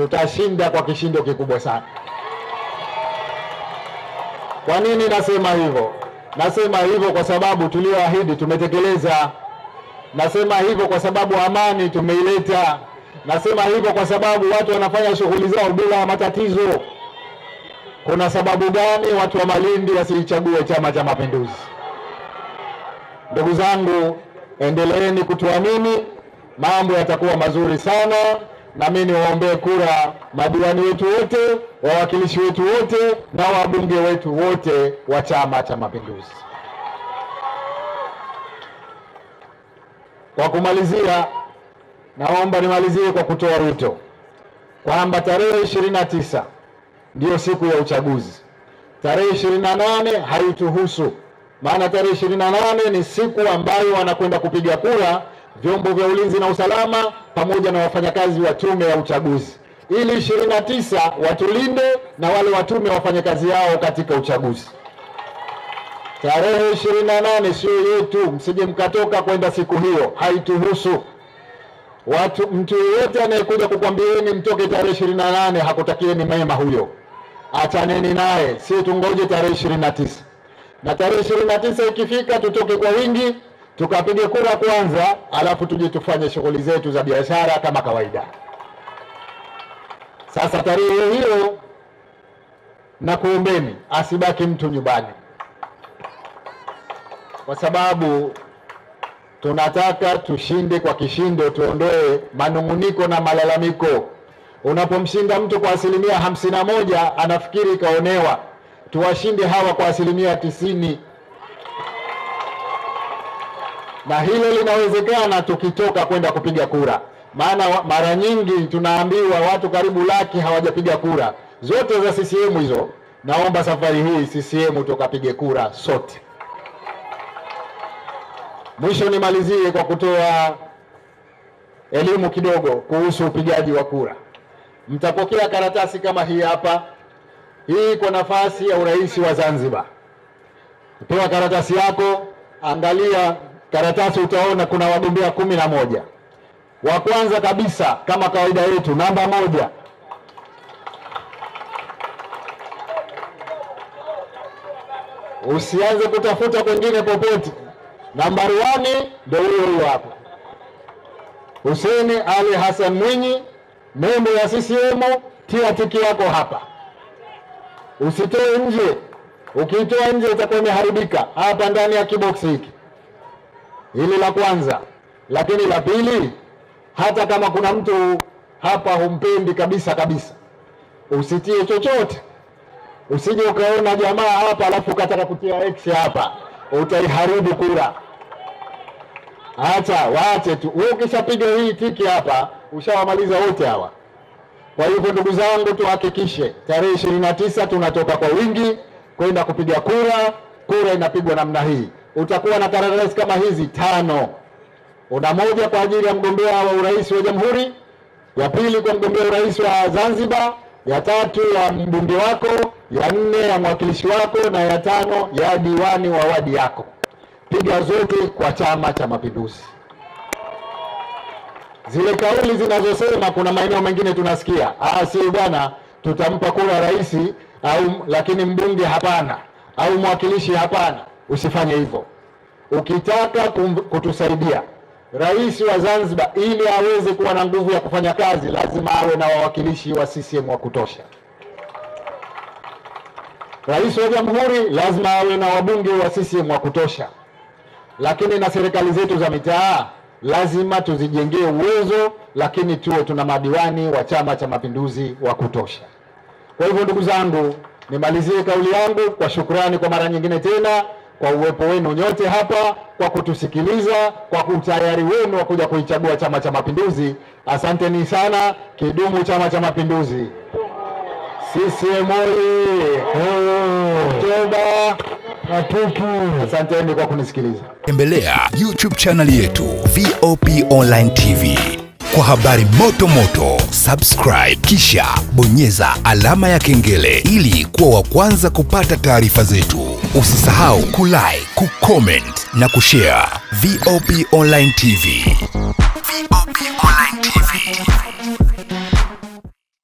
tutashinda kwa kishindo kikubwa sana. Kwa nini nasema hivyo? Nasema hivyo kwa sababu tulioahidi tumetekeleza. Nasema hivyo kwa sababu amani tumeileta. Nasema hivyo kwa sababu watu wanafanya shughuli zao bila matatizo. Kuna sababu gani watu wa Malindi wasichague Chama cha Mapinduzi? Ndugu zangu, endeleeni kutuamini, mambo yatakuwa mazuri sana na mimi niwaombee kura madiwani wetu wote, wawakilishi wetu wote na wabunge wetu wote wa Chama cha Mapinduzi. Kwa kumalizia, naomba nimalizie kwa kutoa wito kwamba tarehe ishirini na tisa ndiyo siku ya uchaguzi. Tarehe ishirini na nane haituhusu, maana tarehe ishirini na nane ni siku ambayo wanakwenda kupiga kura vyombo vya ulinzi na usalama pamoja na wafanyakazi wa tume ya uchaguzi ili ishirini na tisa watulinde na wale watume wafanye kazi yao katika uchaguzi. Tarehe ishirini na nane sio yetu, msije mkatoka kwenda siku hiyo, haituhusu watu. Mtu yeyote anayekuja kukwambieni mtoke tarehe ishirini na nane hakutakieni mema, huyo achaneni naye. Sio tungoje tarehe ishirini na tisa na tarehe ishirini na tisa ikifika tutoke kwa wingi tukapige kura kwanza, alafu tuje tufanye shughuli zetu za biashara kama kawaida. Sasa tarehe hiyo, na kuombeni asibaki mtu nyumbani, kwa sababu tunataka tushinde kwa kishindo, tuondoe manung'uniko na malalamiko. Unapomshinda mtu kwa asilimia hamsini na moja anafikiri kaonewa. Tuwashinde hawa kwa asilimia tisini na hilo linawezekana tukitoka kwenda kupiga kura, maana mara nyingi tunaambiwa watu karibu laki hawajapiga kura zote za CCM hizo. Naomba safari hii CCM tukapige kura sote. Mwisho nimalizie kwa kutoa elimu kidogo kuhusu upigaji wa kura. Mtapokea karatasi kama hii hapa, hii kwa nafasi ya urais wa Zanzibar. Pewa karatasi yako, angalia karatasi utaona kuna wagombea kumi na moja. Wa kwanza kabisa kama kawaida yetu, namba moja Usianze kutafuta kwengine popote. Nambari wani ndio huyo huyo hapa, Hussein Ali Hassan Mwinyi, membo ya CCM. Tia tiki yako hapa, usitoe nje. Ukiitoa nje itakuwa imeharibika. Hapa ndani ya kiboksi hiki Hili la kwanza, lakini la pili, hata kama kuna mtu hapa humpendi kabisa kabisa, usitie chochote, usije ukaona jamaa hapa alafu ukataka kutia X hapa, utaiharibu kura. Acha waache tu, wewe ukishapiga hii tiki hapa ushawamaliza wote hawa. Kwa hivyo ndugu zangu, tuhakikishe tarehe ishirini na tisa tunatoka kwa wingi kwenda kupiga kura. Kura inapigwa namna hii utakuwa na karatasi kama hizi tano. Una moja kwa ajili ya mgombea wa urais wa jamhuri, ya pili kwa mgombea urais wa Zanzibar, ya tatu ya mbunge wako, ya nne ya mwakilishi wako, na ya tano ya diwani wa wadi yako. Piga zote kwa Chama cha Mapinduzi. Zile kauli zinazosema kuna maeneo mengine tunasikia, ah, si bwana, tutampa kura rais au lakini mbunge hapana, au mwakilishi hapana. Usifanye hivyo. Ukitaka kutusaidia rais wa Zanzibar, ili aweze kuwa na nguvu ya kufanya kazi, lazima awe na wawakilishi wa CCM wa kutosha. Rais wa Jamhuri lazima awe na wabunge wa CCM wa kutosha, lakini na serikali zetu za mitaa lazima tuzijengee uwezo, lakini tuwe tuna madiwani wa Chama cha Mapinduzi wa kutosha. Kwa hivyo, ndugu zangu, nimalizie kauli yangu kwa shukrani kwa mara nyingine tena kwa uwepo wenu nyote hapa, kwa kutusikiliza, kwa utayari wenu wa kuja kuichagua Chama cha Mapinduzi. Asanteni sana. Kidumu Chama cha Mapinduzi! CCM oyee! Toba matupu! Asanteni kwa kunisikiliza. Tembelea YouTube channel yetu VOP Online TV kwa habari moto moto, subscribe kisha bonyeza alama ya kengele ili kuwa wa kwanza kupata taarifa zetu. Usisahau kulike, kucomment na kushare. VOP Online TV.